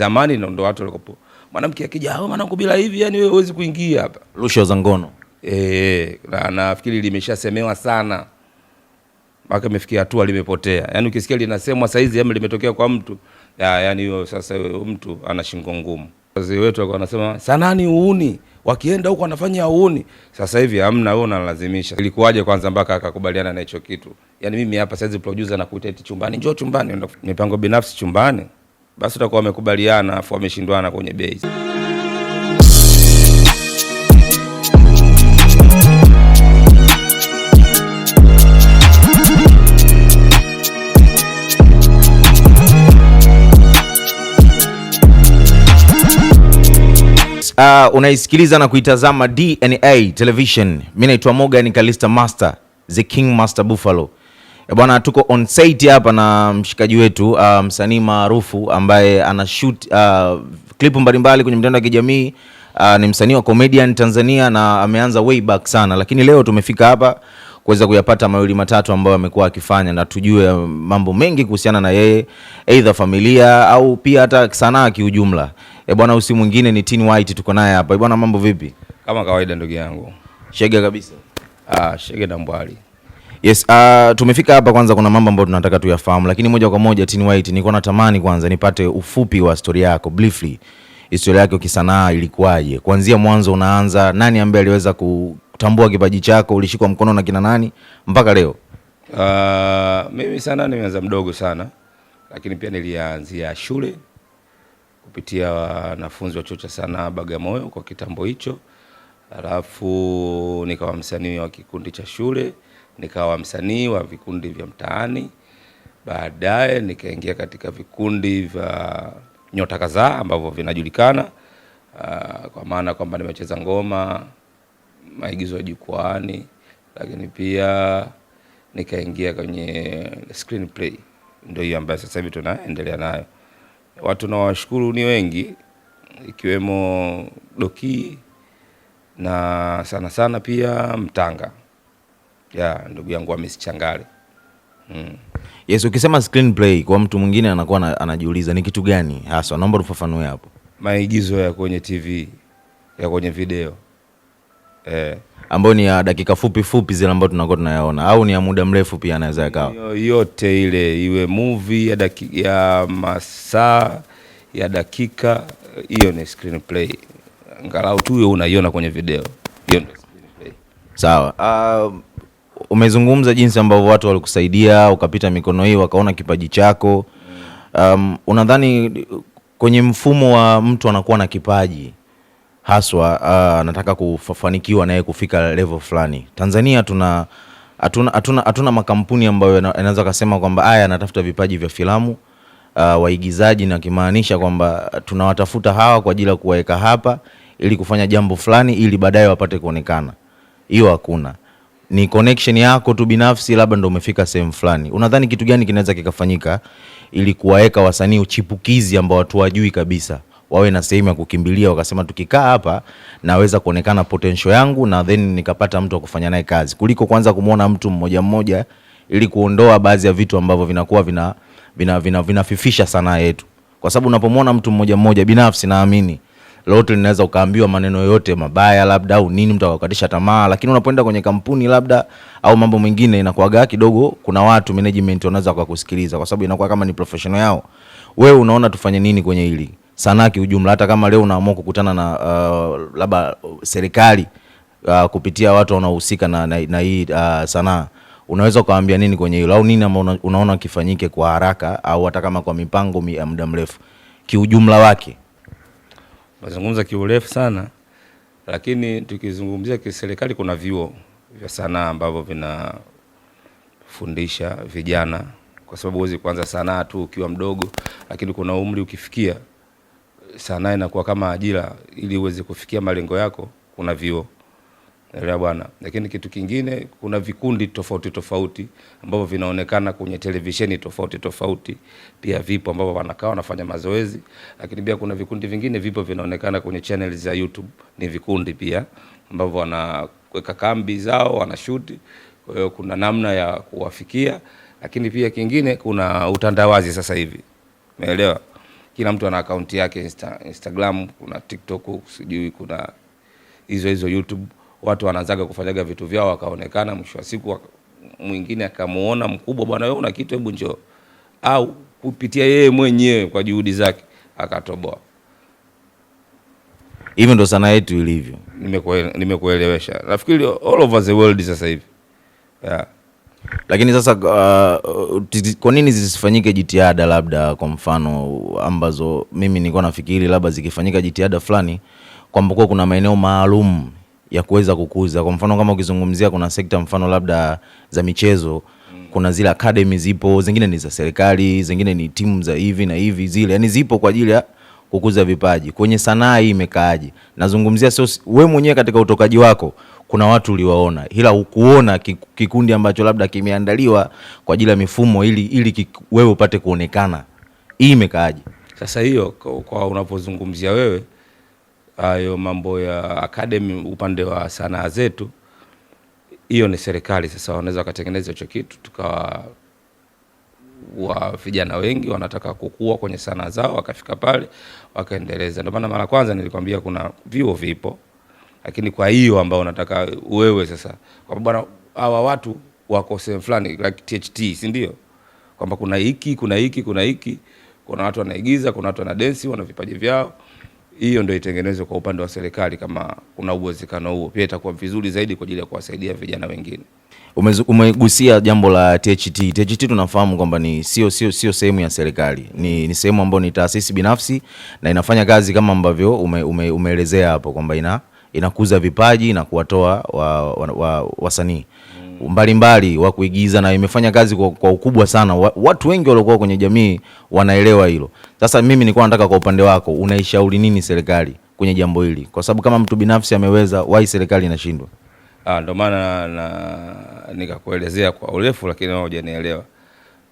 zamani, ndo ndo watu walikopo. Mwanamke akija hao ah, mwanangu bila hivi, yani wewe huwezi kuingia hapa. Rushwa za ngono eh, na nafikiri limeshasemewa sana mpaka imefikia hatua limepotea. Yani ukisikia linasemwa saa hizi ama limetokea kwa mtu ya, yani hiyo sasa mtu ana shingo ngumu. Wazee wetu walikuwa wanasema sanani uuni, wakienda huko wanafanya uuni. Sasa hivi hamna, wewe unalazimisha. Ilikuwaje kwanza mpaka akakubaliana na hicho kitu? Yani mimi hapa saizi producer na kuita eti chumbani, njoo chumbani, mipango binafsi chumbani basi utakuwa wamekubaliana afu wameshindwana kwenye bei. Uh, ah, unaisikiliza na kuitazama DNA Television. Mimi naitwa Morgan Kalista Master, the King Master Buffalo. Eh, bwana, tuko on site hapa na mshikaji wetu uh, msanii maarufu ambaye ana shoot uh, clip mbalimbali kwenye mtandao ya kijamii uh, ni msanii wa comedian Tanzania na ameanza way back sana, lakini leo tumefika hapa kuweza kuyapata mawili matatu ambayo amekuwa akifanya na tujue mambo mengi kuhusiana na yeye, aidha familia au pia hata sanaa kiujumla. E bwana, usi mwingine ni Tin White, tuko naye hapa. E bwana, mambo vipi? Kama kawaida, ndugu yangu, shege kabisa. Ah, shege na mbwali Yes, uh, tumefika hapa kwanza kuna mambo ambayo tunataka tuyafahamu, lakini moja kwa moja Tin White, niko natamani kwanza nipate ufupi wa historia yako briefly. Historia yako kisanaa ilikuwaje? Kuanzia mwanzo unaanza, nani ambaye aliweza kutambua kipaji chako? Ulishikwa mkono na kina nani mpaka leo? Uh, mimi sanaa nimeanza mdogo sana, lakini pia nilianzia shule kupitia wanafunzi wa chuo cha sanaa Bagamoyo kwa kitambo hicho, alafu nikawa msanii wa kikundi cha shule nikawa msanii wa vikundi vya mtaani. Baadaye nikaingia katika vikundi vya nyota kadhaa ambavyo vinajulikana uh, kwa maana kwamba nimecheza ngoma, maigizo ya jukwaani, lakini pia nikaingia kwenye screenplay, ndio hiyo ambayo sasa hivi tunaendelea nayo. Watu nawashukuru ni wengi, ikiwemo Doki na sana sana pia Mtanga ya ndugu yangu Hamisi Changale. Mm. Yes, ukisema screenplay kwa mtu mwingine anakuwa anajiuliza ni kitu gani hasa, naomba tufafanue hapo. Maigizo ya kwenye TV ya kwenye video eh, ambayo ni ya dakika fupi fupi zile ambazo tunakuwa tunayaona au ni ya muda mrefu pia anaweza yakawa yote ile, iwe movie ya daki, ya masaa ya dakika, hiyo ni screenplay, angalau tu unaiona kwenye video, hiyo ndio screenplay. Sawa. Uh, umezungumza jinsi ambavyo watu walikusaidia ukapita mikono hii wakaona kipaji chako. Um, unadhani kwenye mfumo wa mtu anakuwa na kipaji haswa uh, anataka uh, kufanikiwa naye kufika level fulani. Tanzania tuna hatuna hatuna hatuna makampuni ambayo yanaweza kusema kwamba haya anatafuta vipaji vya filamu uh, waigizaji, na kimaanisha kwamba tunawatafuta hawa kwa ajili ya kuwaweka hapa ili kufanya jambo fulani ili baadaye wapate kuonekana. Hiyo hakuna ni connection yako tu binafsi, labda ndo umefika sehemu fulani. Unadhani kitu gani kinaweza kikafanyika ili kuwaweka wasanii uchipukizi ambao watu wajui kabisa wawe na sehemu ya kukimbilia, wakasema tukikaa hapa naweza kuonekana potential yangu na then nikapata mtu wa kufanya naye kazi, kuliko kwanza kumwona mtu mmoja mmoja, ili kuondoa baadhi ya vitu ambavyo vinakuwa vinafifisha vina, vina, vina sanaa yetu, kwa sababu unapomwona mtu mmoja mmoja, binafsi naamini lolote linaweza ukaambiwa maneno yote mabaya labda au nini, mtu akakatisha tamaa. Lakini unapoenda kwenye kampuni labda au mambo mengine, inakuwaga kidogo kuna watu management wanaweza wakakusikiliza, kwa sababu inakuwa kama ni professional yao. Wewe unaona tufanye nini kwenye hili sanaa kiujumla? Hata kama leo unaamua kukutana na uh, labda serikali uh, kupitia watu wanaohusika na, na, na hii uh, sanaa unaweza ukawaambia nini kwenye hilo au nini ambao unaona kifanyike kwa haraka au hata kama kwa mipango ya muda mrefu kiujumla wake? tunazungumza kiurefu sana, lakini tukizungumzia kiserikali, kuna vyuo vya sanaa ambavyo vinafundisha vijana, kwa sababu huwezi kuanza sanaa tu ukiwa mdogo, lakini kuna umri ukifikia sanaa inakuwa kama ajira, ili uweze kufikia malengo yako, kuna vyuo Elewa bwana. Lakini kitu kingine, kuna vikundi tofauti tofauti ambavyo vinaonekana kwenye televisheni tofauti tofauti, pia vipo ambavyo wanakaa wanafanya mazoezi, lakini pia kuna vikundi vingine vipo vinaonekana kwenye channel za YouTube, ni vikundi pia ambavyo wanaweka kambi zao wanashuti. Kwa hiyo kuna namna ya kuwafikia, lakini pia kingine, kuna utandawazi sasa hivi, umeelewa? Kila mtu ana akaunti yake Insta, Instagram, kuna TikTok, sijui kuna hizo hizo YouTube watu wanaanzaga kufanyaga vitu vyao, wakaonekana, mwisho wa siku mwingine akamuona mkubwa, bwana wewe una kitu, hebu njoo, au kupitia yeye mwenyewe kwa juhudi zake akatoboa. Hivyo ndo sanaa yetu ilivyo. Nimekuelewesha, nime nafikiri all over the world sasa hivi yeah. Lakini sasa uh, uh kwa nini zisifanyike jitihada labda kwa mfano uh, ambazo mimi nilikuwa nafikiri labda zikifanyika jitihada fulani kwamba kuwa kuna maeneo maalum ya kuweza kukuza. Kwa mfano kama ukizungumzia kuna sekta mfano labda za michezo kuna zile academy zipo, zingine ni za serikali, zingine ni timu za hivi na hivi zile, yani zipo kwa ajili ya kukuza vipaji. Kwenye sanaa hii imekaaje? Nazungumzia sio wewe mwenyewe, katika utokaji wako kuna watu uliwaona, ila ukuona kikundi ambacho labda kimeandaliwa kwa ajili ya mifumo ili, ili wewe upate kuonekana. Hii imekaaje? Sasa hiyo kwa unapozungumzia wewe hayo mambo ya academy upande wa sanaa zetu, hiyo ni serikali. Sasa wanaweza wakatengeneza hicho kitu, tukawa wa vijana wengi wanataka kukua kwenye sanaa zao, wakafika pale wakaendeleza. Ndio maana mara kwanza nilikwambia kuna vyuo vipo, lakini kwa hiyo ambao unataka wewe sasa, kwa bwana, hawa watu wako sehemu fulani like THT, si ndio? Kwamba kuna hiki kuna hiki kuna hiki, kuna watu wanaigiza, kuna watu wanadensi, wana vipaji vyao hiyo ndio itengenezwe kwa upande wa serikali, kama kuna uwezekano huo, pia itakuwa vizuri zaidi kwa ajili ya kuwasaidia vijana wengine. Umegusia jambo la THT. THT tunafahamu kwamba ni sio sio sio sehemu ya serikali, ni, ni sehemu ambayo ni taasisi binafsi na inafanya kazi kama ambavyo ume, umeelezea hapo kwamba ina, inakuza vipaji na kuwatoa wasanii wa, wa, wa, wa mbalimbali wa kuigiza na imefanya kazi kwa, kwa ukubwa sana. Watu wengi waliokuwa kwenye jamii wanaelewa hilo. Sasa mimi nilikuwa nataka kwa upande wako, unaishauri nini serikali kwenye jambo hili, kwa sababu kama mtu binafsi ameweza, wai serikali inashindwa? Ah, ndio maana na nikakuelezea kwa urefu, lakini wewe hujanielewa.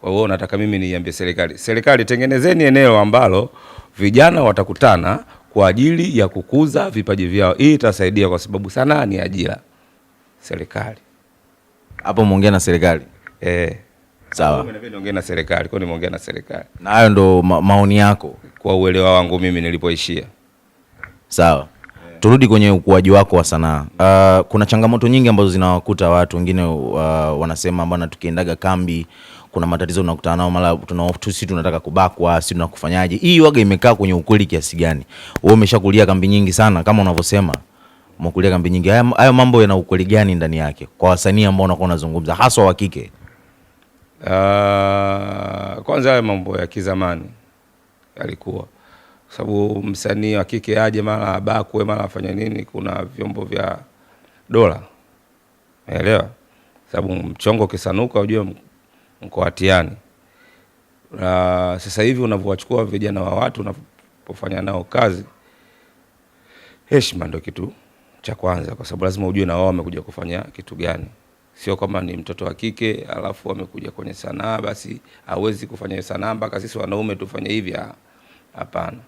Kwa hiyo nataka mimi niambie serikali, serikali tengenezeni eneo ambalo vijana watakutana kwa ajili ya kukuza vipaji vyao. Hii itasaidia kwa sababu sanaa ni ajira serikali hapo umeongea na serikali eh? Sawa, nimeongea na serikali kwa, nimeongea na serikali na hayo ndo ma maoni yako kwa uelewa wangu mimi nilipoishia. Sawa, yeah. Turudi kwenye ukuaji wako wa sanaa. Uh, kuna changamoto nyingi ambazo zinawakuta watu wengine, uh, wanasema bwana, tukiendaga kambi kuna matatizo unakutana nao, mara si tunataka kubakwa, si tunakufanyaje? Hii waga imekaa kwenye ukweli kiasi gani? Wewe umeshakulia kambi nyingi sana kama unavyosema mwakulia kambi nyingi, hayo mambo yana ukweli gani ndani yake kwa wasanii ambao unakuwa unazungumza haswa wa kike? Uh, kwanza hayo mambo ya kizamani yalikuwa kwa sababu msanii wa kike aje mara abakwe mara afanye nini, kuna vyombo vya dola, naelewa sababu mchongo ukisanuka ujue mko hatiani. Na sasa hivi unavyowachukua vijana wa watu unapofanya nao kazi, heshima ndio kitu cha kwanza, kwa sababu lazima ujue na wao wamekuja kufanya kitu gani. Sio kama ni mtoto wa kike alafu amekuja kwenye sanaa basi hawezi kufanya hiyo sanaa mpaka sisi wanaume tufanye hivi. Hapana,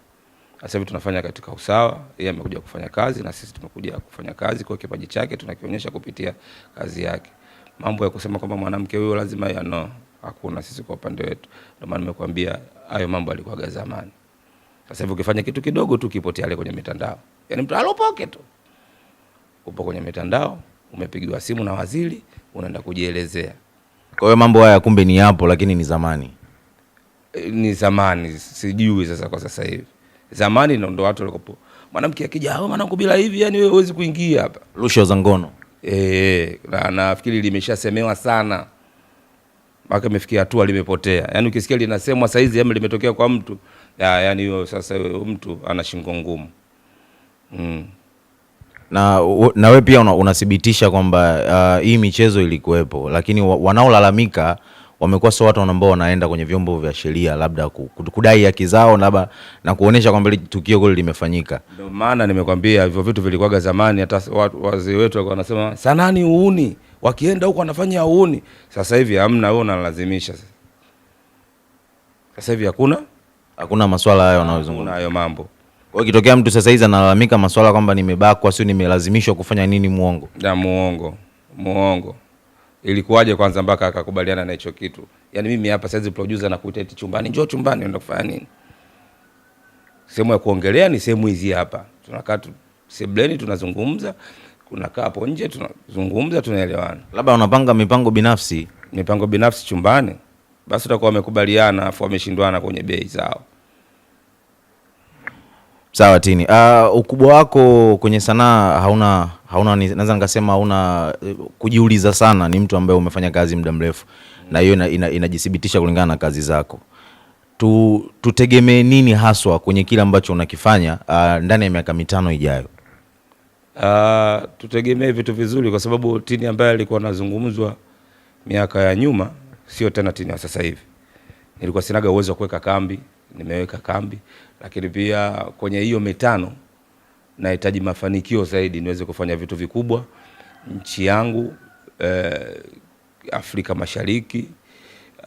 sasa hivi tunafanya katika usawa. Yeye amekuja kufanya kazi na sisi tumekuja kufanya kazi, kwa kipaji chake tunakionyesha kupitia kazi yake. Mambo ya kusema kwamba mwanamke huyo lazima ya no, hakuna. Sisi kwa upande wetu, ndio maana nimekuambia hayo mambo alikuwa zamani. Sasa hivi ukifanya kitu kidogo tu kipotea kwenye mitandao, yani mtu alopoke tu upo kwenye mitandao, umepigiwa simu na waziri, unaenda kujielezea. Kwa hiyo mambo haya kumbe ni yapo, lakini ni zamani, eh, ni zamani, sijui sasa kwa sasa hivi. Zamani ndo watu walikopo, mwanamke akija, hao oh, mwanangu, bila hivi, yani wewe huwezi kuingia hapa. Rushwa za ngono eh, na nafikiri limeshasemewa sana mpaka imefikia hatua limepotea. Yani ukisikia linasemwa saa hizi ama limetokea kwa mtu ya, yani hiyo sasa, mtu ana shingo ngumu mm na, na we pia unathibitisha kwamba uh, hii michezo ilikuwepo, lakini wanaolalamika wamekuwa sio watu ambao wanaenda kwenye vyombo vya sheria labda kudai haki zao labda na kuonesha kwamba tukio kweli limefanyika. Ndio maana nimekwambia hivyo vitu vilikuwaga zamani, hata wazee wetu walikuwa wanasema sanani uuni, wakienda huko wanafanya uuni. Sasa hivi hamna, wewe unalazimisha. Sasa hivi hakuna hakuna maswala hayo hayo mambo. Kwa kitokea mtu sasa hizi analalamika masuala kwamba nimebakwa, sio nimelazimishwa kufanya nini, muongo da, muongo muongo. Ilikuwaje kwanza mpaka akakubaliana na hicho kitu? Yaani mimi hapa saizi producer nakuita eti chumbani, njoo chumbani, unaenda kufanya nini? Sehemu ya kuongelea ni sehemu hizi hapa, tunakaa tu sebleni, tunazungumza, kunakaa hapo nje, tunazungumza, tunaelewana. Labda unapanga mipango binafsi, mipango binafsi chumbani, basi utakuwa wamekubaliana afu wameshindwana kwenye bei zao Sawa Tini. Uh, ukubwa wako kwenye sanaa hauna hauna naweza nikasema hauna eh, kujiuliza sana, ni mtu ambaye umefanya kazi muda mrefu na hiyo inajithibitisha ina, ina kulingana na kazi zako. Tu, tutegemee nini haswa kwenye kile ambacho unakifanya uh, ndani ya miaka mitano ijayo? Uh, tutegemee vitu vizuri kwa sababu Tini ambaye alikuwa anazungumzwa miaka ya nyuma sio tena Tini wa sasa hivi. Nilikuwa sinaga uwezo wa kuweka kambi nimeweka kambi, lakini pia kwenye hiyo mitano nahitaji mafanikio zaidi niweze kufanya vitu vikubwa nchi yangu, eh, Afrika Mashariki,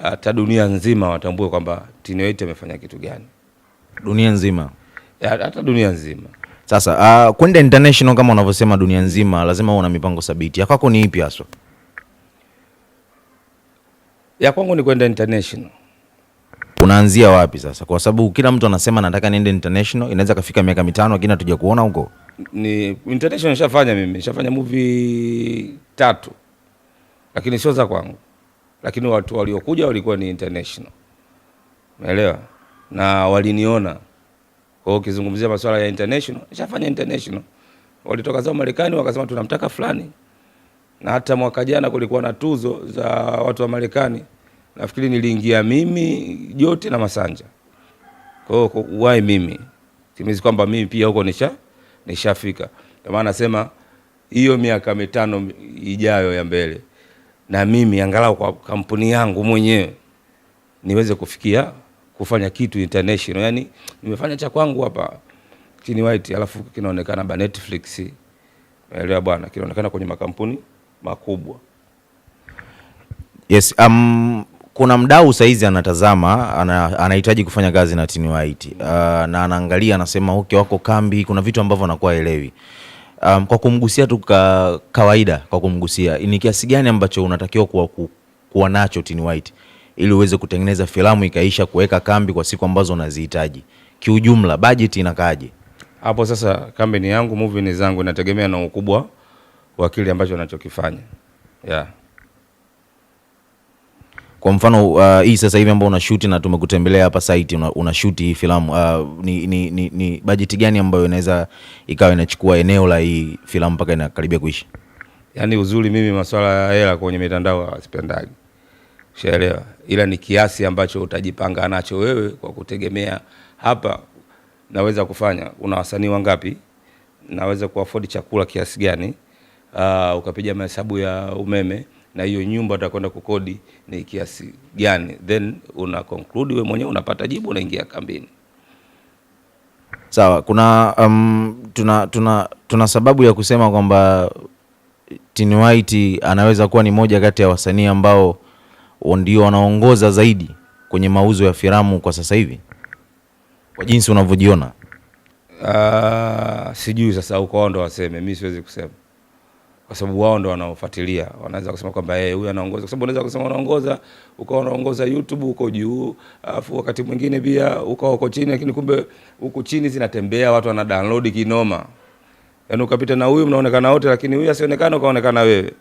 hata dunia nzima watambue kwamba Tino8 amefanya kitu gani, dunia nzima, hata dunia nzima. Sasa uh, kwenda international kama unavyosema dunia nzima, lazima uwe na mipango thabiti. Ya kwako ni ipi haswa? Ya kwangu ni kwenda international unaanzia wapi sasa? Kwa sababu kila mtu anasema nataka niende international, inaweza kafika miaka mitano lakini hatuja kuona huko. Ni international nishafanya mimi, nishafanya movie tatu, lakini sio za kwangu, lakini watu waliokuja walikuwa ni international, umeelewa, na waliniona. Kwa hiyo ukizungumzia masuala ya international, nishafanya international, walitoka zao Marekani wakasema tunamtaka fulani, na hata mwaka jana kulikuwa na tuzo za watu wa Marekani nafikiri niliingia mimi Jote na Masanja. Kwa hiyo wai mimi Kimezi kwamba mimi pia huko nisha nishafika. Kwa maana nasema hiyo miaka mitano ijayo ya mbele, na mimi angalau kwa kampuni yangu mwenyewe niweze kufikia kufanya kitu international, yani nimefanya cha kwangu hapa chini white, alafu kinaonekana ba Netflix, unaelewa bwana, kinaonekana kwenye makampuni makubwa. Yes, um, kuna mdau saizi anatazama anahitaji ana kufanya kazi na Tini White uh, na anaangalia anasema, okay, wako kambi, kuna vitu ambavyo anakuwa elewi. Um, kwa kumgusia tu ka, kawaida kwa kumgusia, ni kiasi gani ambacho unatakiwa kuwa, ku, kuwa nacho Tini White ili uweze kutengeneza filamu ikaisha kuweka kambi kwa siku ambazo unazihitaji? Kiujumla bajeti inakaaje hapo? Sasa kambi ni yangu, movie ni zangu, inategemea na ukubwa wa kile ambacho anachokifanya yeah. Kwa mfano uh, hii sasa hivi ambao unashuti na tumekutembelea hapa site unashuti una hii filamu uh, ni, ni, ni, ni bajeti gani ambayo inaweza ikawa inachukua eneo la hii filamu mpaka inakaribia kuisha? Yaani uzuri mimi masuala ya hela kwenye mitandao sipendagi. Ushaelewa? Ila ni kiasi ambacho utajipanga nacho wewe kwa kutegemea hapa naweza kufanya una wasanii wangapi? Naweza kuafford chakula kiasi gani? Uh, ukapiga mahesabu ya umeme na hiyo nyumba utakwenda kukodi ni kiasi gani, then una conclude wewe mwenyewe, unapata jibu, unaingia kambini. Sawa, kuna um, tuna, tuna, tuna sababu ya kusema kwamba Tini White anaweza kuwa ni moja kati ya wasanii ambao ndio wanaongoza zaidi kwenye mauzo ya filamu kwa sasa hivi kwa jinsi unavyojiona. Uh, sijui sasa uko ndo waseme, mi siwezi kusema kwa sababu wao ndo wanaofuatilia, wanaweza kusema kwamba yeye eh, huyu anaongoza, kwa sababu unaweza kusema unaongoza ukawa unaongoza YouTube huko juu, afu wakati mwingine pia ukawa uko chini, lakini kumbe huku chini zinatembea watu wana download kinoma, yaani ukapita na huyu mnaonekana wote, lakini huyu asionekane ukaonekana wewe.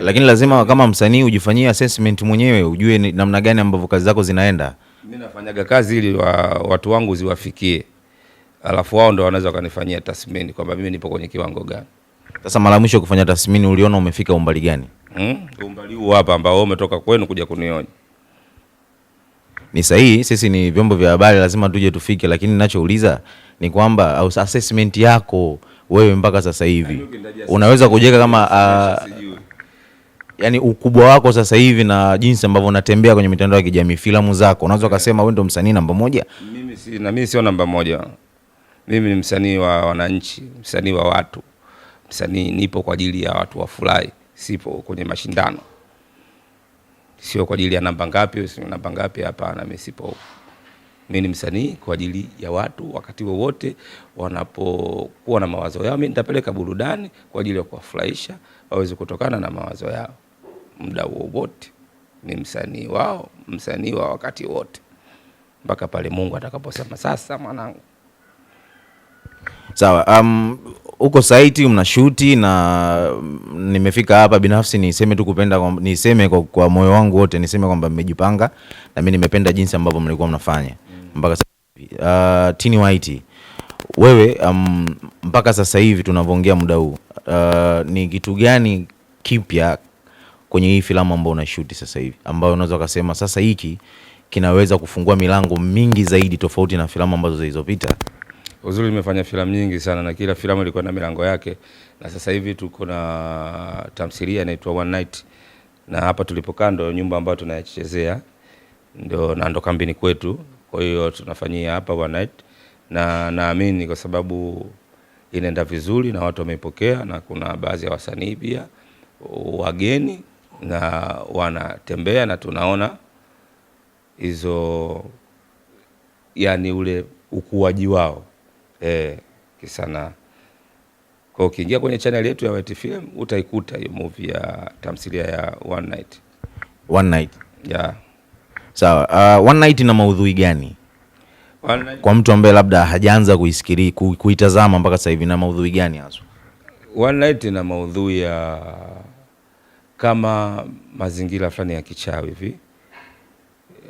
Lakini lazima kama msanii ujifanyie assessment mwenyewe, ujue namna gani ambavyo kazi zako zinaenda. Mimi nafanyaga kazi ili wa, watu wangu ziwafikie, alafu wao ndo wanaweza wakanifanyia tathmini kwamba mimi nipo kwenye kiwango gani. Sasa mara mwisho kufanya tathmini uliona umefika umbali gani? Mm, umbali huu hapa ambao wewe umetoka kwenu kuja kunionya. Ni sahihi, sisi ni vyombo vya habari, lazima tuje tufike, lakini ninachouliza ni kwamba assessment yako wewe mpaka sasa hivi yaani unaweza kujeka kama uh, ah, yani ukubwa wako sasa hivi na jinsi ambavyo unatembea kwenye mitandao ya kijamii, filamu zako, unaweza eh. ukasema wewe ndio msanii namba moja? Mimi si na mimi sio namba moja, mimi ni msanii wa wananchi, msanii wa watu msanii nipo kwa ajili ya watu wafurahi, sipo kwenye mashindano, sio kwa ajili ya namba ngapi, sio namba ngapi. Hapana, mimi sipo. Mimi ni msanii kwa ajili ya watu, wakati wowote wanapokuwa na mawazo yao, mimi nitapeleka burudani kwa ajili ya kuwafurahisha waweze kutokana na mawazo yao. Muda wowote ni msanii wao, msanii wa wakati wote, mpaka pale Mungu atakaposema sasa mwanangu Sawa. Um, uko saiti mnashuti na nimefika hapa binafsi niseme tu kupenda kwa, niseme kwa, kwa moyo wangu wote niseme kwamba mmejipanga na mimi nimependa jinsi ambavyo mlikuwa mnafanya mpaka sasa. Uh, Tini White wewe, um, mpaka sasa hivi tunavyoongea muda huu uh, ni kitu gani kipya kwenye hii filamu ambayo unashuti sasa hivi ambayo unaweza kusema sasa hiki kinaweza kufungua milango mingi zaidi tofauti na filamu ambazo zilizopita? uzuri nimefanya filamu nyingi sana na kila filamu ilikuwa na milango yake, na sasa hivi tuko na tamthilia inaitwa One Night, na hapa tulipokaa ndo nyumba ambayo tunayachezea ndio na ndo kambini kwetu. Kwa hiyo tunafanyia hapa One Night, na naamini kwa sababu inaenda vizuri na watu wameipokea, na kuna baadhi ya wasanii pia wageni na wanatembea na tunaona hizo yani ule ukuaji wao eh, kisanaa. Kwa ukiingia kwenye channel yetu ya White Film utaikuta hiyo movie ya tamthilia ya One Night. One Night. Yeah. Sawa. Uh, One Night ina maudhui gani? One Night. Kwa mtu ambaye labda hajaanza kuisikiri kuitazama mpaka sasa hivi na maudhui gani hasa? One Night ina maudhui ya kama mazingira fulani ya kichawi hivi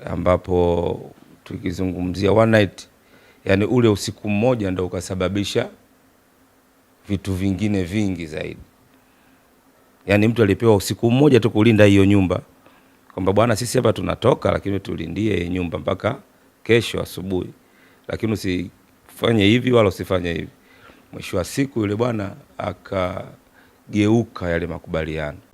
ambapo tukizungumzia One Night yani ule usiku mmoja ndo ukasababisha vitu vingine vingi zaidi. Yani mtu alipewa usiku mmoja tu kulinda hiyo nyumba, kwamba bwana, sisi hapa tunatoka, lakini tulindie nyumba mpaka kesho asubuhi, lakini usifanye hivi wala usifanye hivi. Mwisho wa siku yule bwana akageuka yale makubaliano.